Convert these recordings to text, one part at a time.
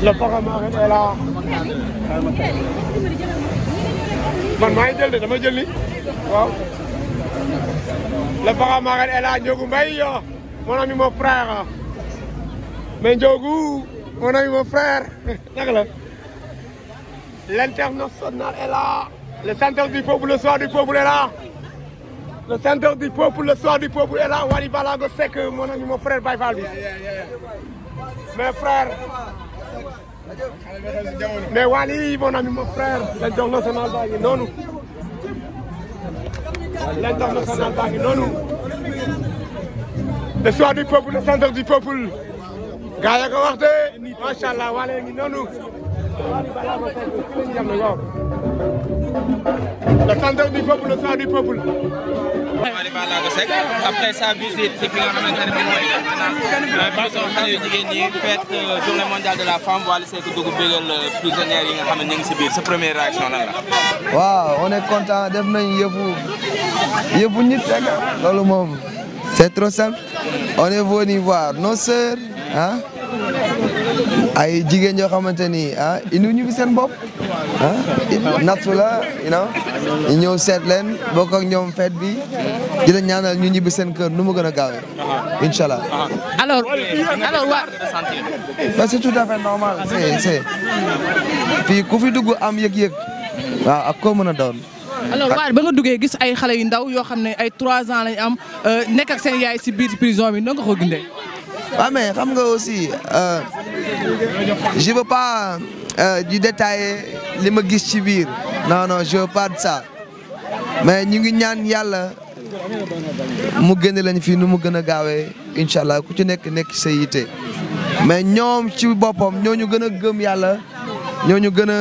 le Pogomagan est là. man maa ngi jël de dama jël li waaw. le Pogomagan est là Ndiogou Mbaye mon ami mon frère mais Ndiogou mon ami mon frère naka la. l'international est là. le centre du peuple le soir du peuple est là. le centre du peuple le soir du peuple est là Wally Ballago Seck mon ami mon frère Baye Fall bi mes mais Wally mon ami mon frère l'international baa ngi noonu i baa ngi noonu le soir du peuple le centre du peuple gars ya ko wax de macha allah Wally ngi noonu le centre du peuple le soir du peuple. Wally Ballago Seck après sa visite ci fi nga xamante ne moom mooy prison xale yu jigéen ñi fête euh, journée mondiale de la femme Wally Seck dugg bégal euh, prisonniers yi nga xam ne ñu ngi si biir sa première réaction lan la. waaw on est content def nañ yëfu yëfu nit rek ah. loolu moom c'est trop simple on est venu voir nos sœurs ah ay jigéen yoo xamante ni ah indi ñu fi seen bopp. ah nattu la you know ñëw seet leen bokk ak ñëw fête bi di ñaan ñaanal ñu ñibbi seen kër nu mu gën a gaawee incha allah. alors alors waa. parce que c'est tout à normal c'est c'est fii ku fi dugg am yëg-yëg waaw ak koo mën a doon. alors waar ba nga duggee gis ay xale yu ndaw yoo xam ne ay trois ans lañ am euh, nekk ak seen yaay si biir prison bi noo nga ko gindee. waaw mais xam nga aussi euh, je veux pas euh, di li ma gis ci biir non non je veux pas de ça mais ñu ngi ñaan yàlla mu génne lañ fii nu mu gën a gaawee incha allah ku ci nekk nekk sa yite mais ñoom ci boppam ñoo ñu gën a gëm yàlla ñoo ñu gën a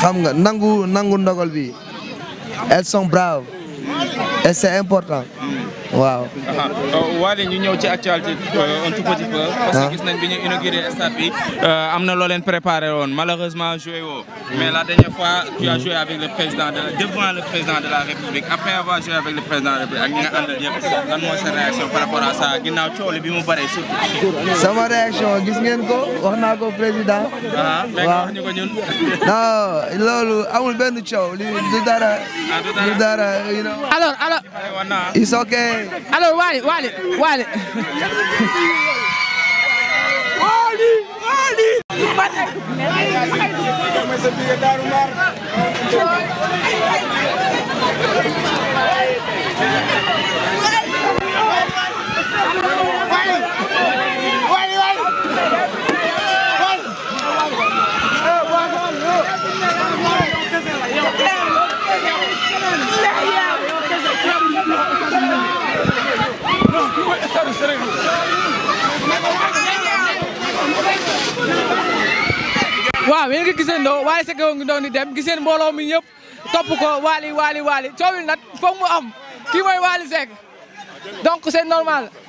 xam nga nangu nangu ndogal bi elles sont braves et c'est important. waaw. Uh, Waly ñu ñëw ci actualité uh, un tout petit parce que ah. gis nañ bi ñu inauguré stade bi uh, am na loo leen préparé woon malheureusement joué woo. mais la dernière fois tu as joué avec le président de la devant le président de la République après avoir joué avec le président de la République ak ñi nga àndal yëpp lan mooy sa réaction par rapport à ça ginnaaw coono bi mu bëree surtout. sama réaction gis ngeen ko ko président. waaw ah, wax ñu ko ñun. non loolu amul benn coow li du dara. Ah, alors Wally Wally Wally. Wally Wally. waaw yéen a ngi gisandoo Wally Seck ngi doon di dem gis ngeen mbooloo mi ñëpp topp ko Wally Wally Wally coowil nag mu am kii mooy Wally Seck donc c'est normal